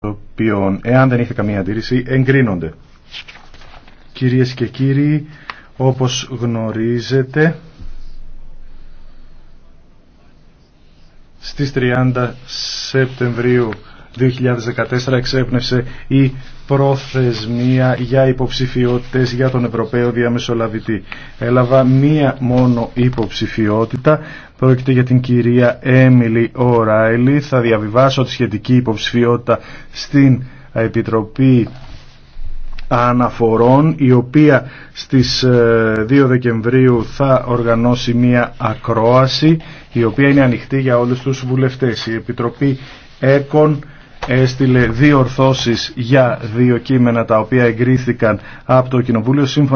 οποίο, εάν δεν είχε καμία αντίρρηση, εγκρίνονται. Κυρίες και κύριοι, όπως γνωρίζετε, στις 30 Σεπτεμβρίου 2014 εξέπνευσε η προθεσμία για υποψηφιότητε για τον Ευρωπαίο Διαμεσολαβητή. Έλαβα μία μόνο υποψηφιότητα. Πρόκειται για την κυρία Έμιλι Οράιλι. Θα διαβιβάσω τη σχετική υποψηφιότητα στην Επιτροπή αναφορών η οποία στις 2 ε, Δεκεμβρίου θα οργανώσει μία ακρόαση η οποία είναι ανοιχτή για όλους τους βουλευτές. Η Επιτροπή ΕΚΟΝ έστειλε δύο ορθώσεις για δύο κείμενα τα οποία εγκρίθηκαν από το Κοινοβούλιο